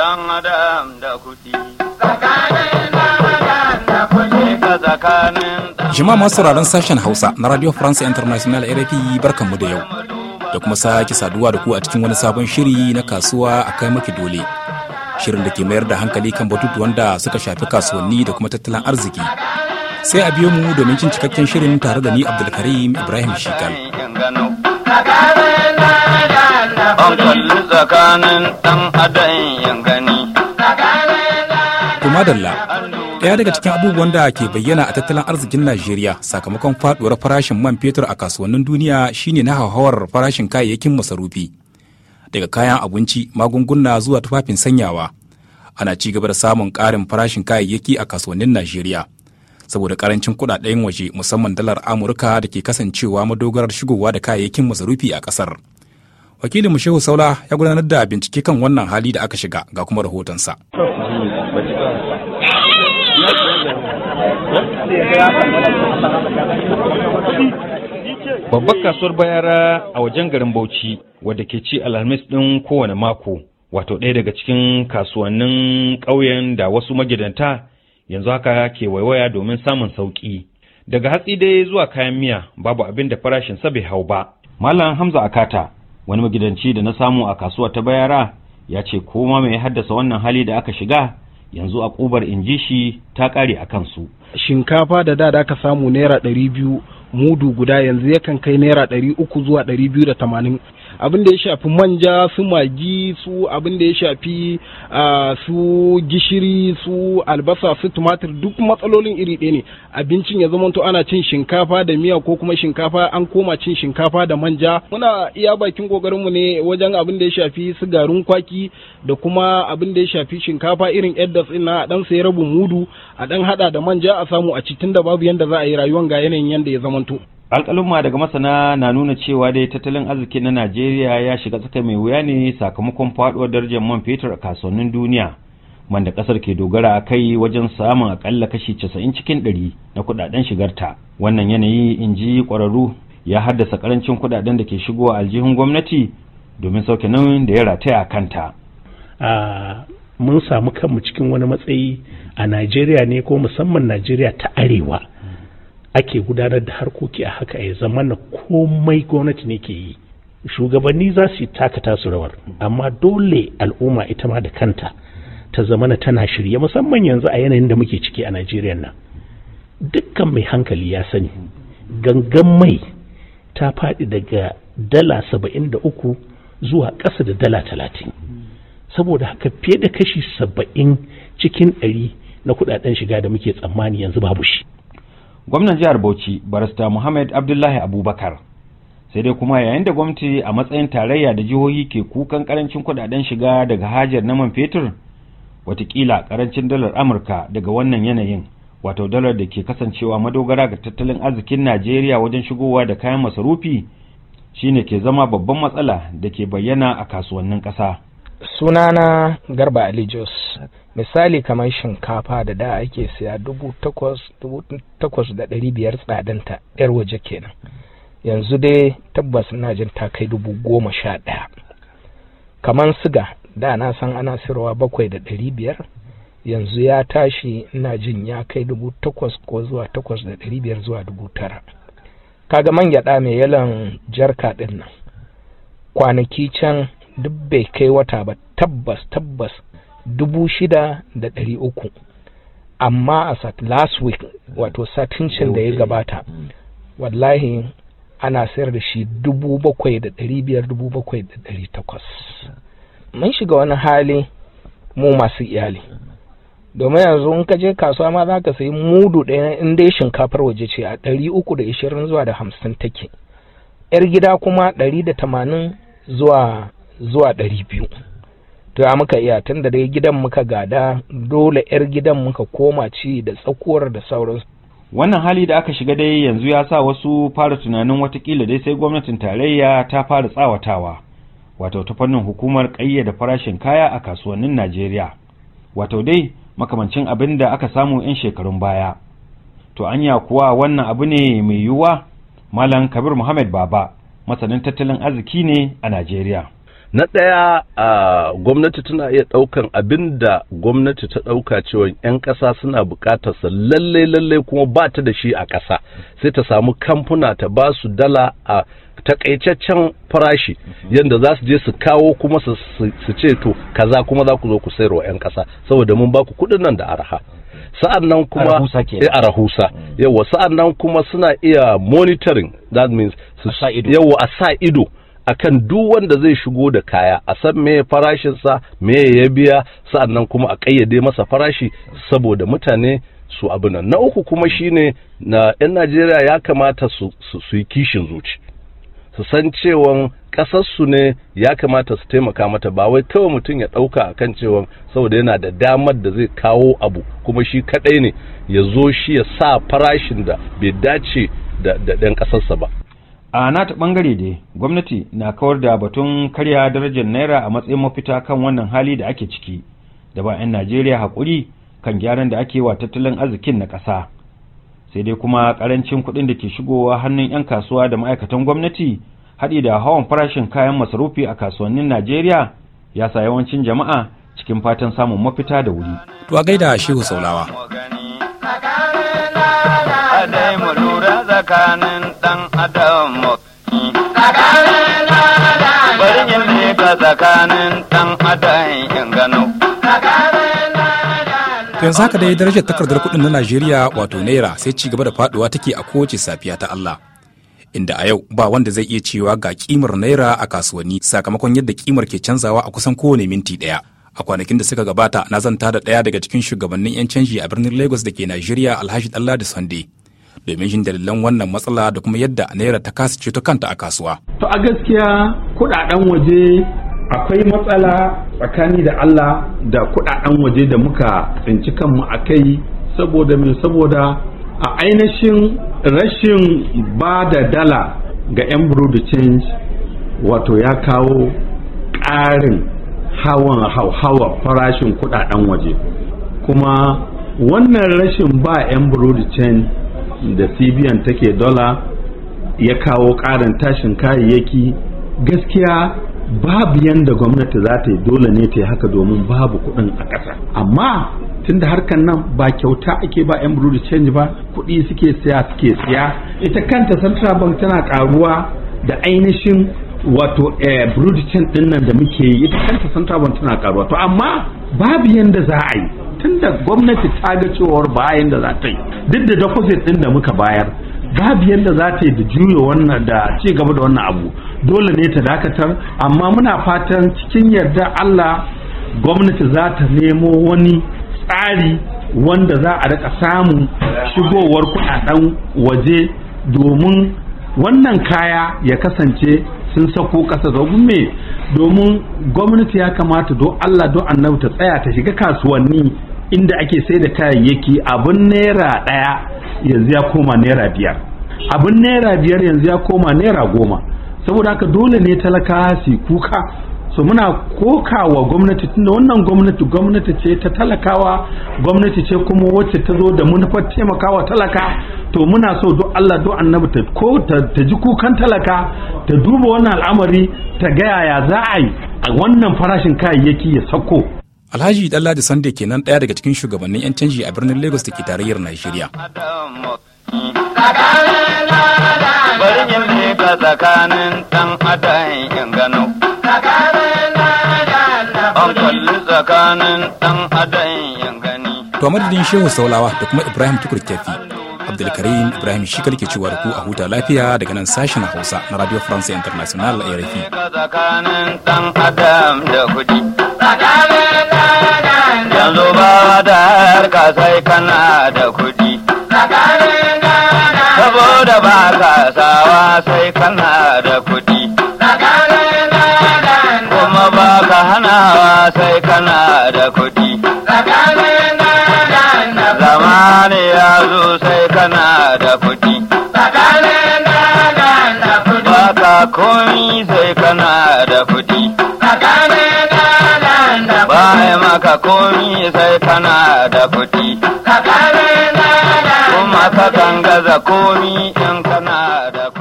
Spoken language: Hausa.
dan adam da kuɗi. Jima masu sauraron sashen Hausa na Radio France International RFI barkanmu da yau. Da kuma sake saduwa da ku a cikin wani sabon shiri na kasuwa a kai maki dole. Shirin da ke mayar da hankali kan batutuwan da suka shafi kasuwanni da kuma tattalin arziki. Sai a biyo mu domin cin cikakken shirin tare da ni Abdulkarim Ibrahim Shikal. kalli tsakanin Kuma dalla, ɗaya daga cikin abubuwan da ke bayyana a tattalin arzikin Najeriya sakamakon faɗuwar farashin man fetur a kasuwannin duniya shine na hauhawar farashin kayayyakin masarufi. Daga kayan abinci, magunguna zuwa tufafin sanyawa. Ana ci gaba da samun ƙarin farashin kayayyaki a kasuwannin Najeriya. saboda karancin kudaden waje musamman dalar amurka da ke kasancewa madogarar shigowa da kayayyakin masarufi a kasar wakilin shehu saula ya gudanar da bincike kan wannan hali da aka shiga ga kuma rahotonsa babbar kasuwar bayara a wajen garin bauchi wadda ke ci alhamis ɗin kowane mako wato ɗaya daga cikin kasuwannin ƙauyen da wasu magidanta yanzu haka ke waiwaya domin samun sauƙi daga hatsi dai zuwa kayan miya babu abin da farashin sa bai hau ba malam hamza akata wani magidanci da na samu a kasuwa ta bayara ya ce koma mai haddasa wannan hali da aka shiga yanzu a kubar inji shi ta kare a kansu shinkafa da da aka samu naira ɗari biyu mudu guda yanzu yakan kai naira ɗari uku zuwa ɗari biyu da tamanin abin da ya shafi manja su magi su abin da ya shafi su gishiri su albasa su tumatir duk matsalolin iri ɗaya ne abincin ya zama to ana cin shinkafa da miya ko kuma shinkafa an koma cin shinkafa da manja muna iya bakin kokarin mu ne wajen abin da ya shafi su garin kwaki da kuma abin da ya shafi shinkafa irin eddas ina a dan sai rabu mudu a dan hada da manja a samu a cikin da babu yanda za a yi rayuwan ga yanayin yanda ya zamanto alƙalumma daga masana na nuna cewa dai tattalin arziki na najeriya ya shiga tsaka mai wuya ne sakamakon faɗuwar darajar man fetur a kasuwannin duniya wanda ƙasar ke dogara a kai wajen samun aƙalla kashi 90% cikin ɗari na kuɗaɗen shigarta wannan yanayi in ji ƙwararru ya haddasa karancin kuɗaɗen da ke shigowa aljihun gwamnati domin sauke nauyin da ya rataya a kanta mun samu kanmu cikin wani matsayi a najeriya ne ko musamman najeriya ta arewa ake gudanar da harkoki a haka ya zama na komai gwamnati ne ke yi shugabanni za su yi takata su rawar amma dole al'umma ita ma da kanta ta zamana tana shirya musamman yanzu a yanayin da muke ciki a Najeriya nan dukkan mai hankali ya sani gangan mai ta faɗi daga dala saba'in da uku zuwa ƙasa da dala talatin saboda haka fiye da kashi saba'in cikin ɗari na kuɗaɗen shiga da muke tsammani yanzu babu shi gwamnan jihar bauchi barista muhammad abdullahi abubakar sai dai kuma yayin da gwamnati a matsayin tarayya da jihohi ke kukan karancin kudaden shiga daga hajar na man fetur watakila karancin dalar amurka daga wannan yanayin wato dalar da ke kasancewa madogara ga tattalin arzikin najeriya wajen shigowa da kayan masarufi shine ke zama babban matsala da ke bayyana a kasuwannin kasa. sunana garba ali misali kamar shinkafa da da ake siya dubu takwas da ɗari biyar tsadanta yar waje kenan yanzu dai tabbas na jin ta kai dubu goma sha ɗaya kamar siga da na san ana sirwa bakwai da ɗari biyar yanzu ya tashi ina jin ya kai dubu takwas ko zuwa takwas da ɗari biyar zuwa dubu tara kaga man gyaɗa mai yalan jarka ɗin nan kwanaki can duk bai kai wata ba tabbas tabbas dubu shida da ɗari uku amma a sat last week wato satincin da ya gabata wallahi ana sayar da shi dubu bakwai da ɗari biyar dubu bakwai da ɗari takwas mun shiga wani hali mu masu iyali domin yanzu in ka je kasuwa ma za ka sayi mudu ɗaya in dai shinkafar waje ce a ɗari uku da ishirin zuwa da hamsin take yar gida kuma ɗari da tamanin zuwa zuwa ɗari biyu to ya muka iya tun da dai gidan muka gada dole 'yar gidan muka koma ci da tsakuwar da sauransu wannan hali da aka shiga dai yanzu ya sa wasu fara tunanin watakila dai sai gwamnatin tarayya ta fara tsawatawa wato ta fannin hukumar ƙayyade farashin kaya a kasuwannin najeriya wato dai makamancin abin da aka samu 'yan shekarun baya to anya kuwa wannan abu ne mai yiwuwa malam kabir muhammad baba masanin tattalin arziki ne a najeriya na ɗaya a gwamnati tana iya ɗaukan abin da gwamnati ta ɗauka cewa 'yan ƙasa suna buƙatar sa lallai lallai kuma ba ta da shi a ƙasa sai ta samu kamfuna ta ba su dala a takaitaccen farashi yadda za su je su kawo kuma su ce to kaza kuma za ku zo ku sayarwa 'yan ƙasa saboda mun ba ku kuɗin nan da araha sa'an nan kuma a rahusa yawa sa'an nan kuma suna iya monitoring that means yawa a sa ido akan duk wanda zai shigo da kaya a san me farashinsa me ya biya sa'annan kuma a kayyade masa farashi saboda mutane su abu nan na uku kuma shine na 'yan najeriya ya kamata su yi kishin zuci su san cewan ƙasarsu ne ya kamata su taimaka mata ba wai kawai mutum ya dauka a kan saboda yana da damar da zai kawo abu kuma shi kadai ne ya zo shi ya sa farashin da bai dace da ɗan ƙasarsa ba a nata bangare dai gwamnati na kawar da batun karya darajar naira a matsayin mafita kan wannan hali da ake ciki da ba 'yan najeriya haƙuri kan gyaran da ake wa tattalin arzikin na ƙasa sai dai kuma ƙarancin kuɗin da ke shigowa hannun 'yan kasuwa da ma'aikatan gwamnati haɗi da hawan farashin kayan masarufi a kasuwannin najeriya ya sa yawancin jama'a cikin fatan samun mafita da wuri. To a gaida Shehu Saulawa. dan adam bari yin tsakanin dan adam in gano yanzu haka dai darajar takardar kudin na najeriya wato naira sai ci gaba da faduwa take a kowace safiya ta allah inda a yau ba wanda zai iya cewa ga kimar naira a kasuwanni sakamakon yadda kimar ke canzawa a kusan kowane minti daya a kwanakin da suka gabata na zanta da ɗaya daga cikin shugabannin 'yan canji a birnin lagos da ke najeriya alhaji allah da sunday domin jin dalilan wannan matsala da kuma yadda naira ta kasa ta kanta a kasuwa. To a gaskiya kuɗaɗen waje akwai matsala tsakani da Allah da kuɗaɗen waje da muka tsinci kanmu a kai saboda mai saboda a ainihin rashin ba da dala ga 'yan da change wato ya kawo ƙarin hawan hauhawa farashin kuɗaɗen waje kuma wannan rashin ba 'yan da change da cbn take dola ya kawo ƙarin tashin kayayyaki gaskiya babu yanda gwamnati za ta yi dole ne ta yi haka domin babu kuɗin a ƙasa amma tunda harkar nan ba kyauta ake ba yan da change ba kuɗi suke siya suke siya ita kanta central bank tana karuwa da ainihin wato eh, brood change din nan da muke yi ita kanta central bank tana karuwa to amma babu yanda za a yi tunda gwamnati ta ga cewa ba yanda za ta yi duk da deposit din da muka bayar babu yadda za ta yi da juyo wannan da ci gaba da wannan abu dole ne ta dakatar amma muna fatan cikin yarda Allah gwamnati za ta nemo wani tsari wanda za a rika samun shigowar kudaden waje domin wannan kaya ya kasance sun sako ƙasa zagun me domin gwamnati ya kamata do Allah don annabi ta tsaya ta shiga kasuwanni inda ake sai da kayayyaki abin naira ɗaya yanzu ya koma naira biyar abin naira biyar yanzu ya koma naira goma saboda haka dole ne talaka su kuka so muna kokawa gwamnati tunda wannan gwamnati gwamnati ce ta talakawa gwamnati ce kuma wacce ta zo da manufar taimakawa talaka to muna so duk Allah duk annabi ta ko ta ji kukan talaka ta duba wannan al'amari ta ga yaya za a yi a wannan farashin kayayyaki ya sako alhaji dalladi sunday kenan daya daga cikin shugabannin 'yan canji a birnin lagos da ke tarayyar nigeria bari yin to madadin shehu saulawa da kuma ibrahim tukur kefi abdulkarim ibrahim shi ke cewa ku a huta lafiya daga nan sashen hausa na radio france international a tsakanin adam da kuɗi yanzu ba da harka sai kana da kuɗi saboda ba ka sawa sai kana da kuɗi kuma ba ka hanawa sai kana da kuɗi zamani ya zo sai kana da kuɗi ba ka komi sai kana da kuɗi ka komi sai kana da kuɗi. Ka kare na da kuma ka gangaza komi in kana da kuɗi.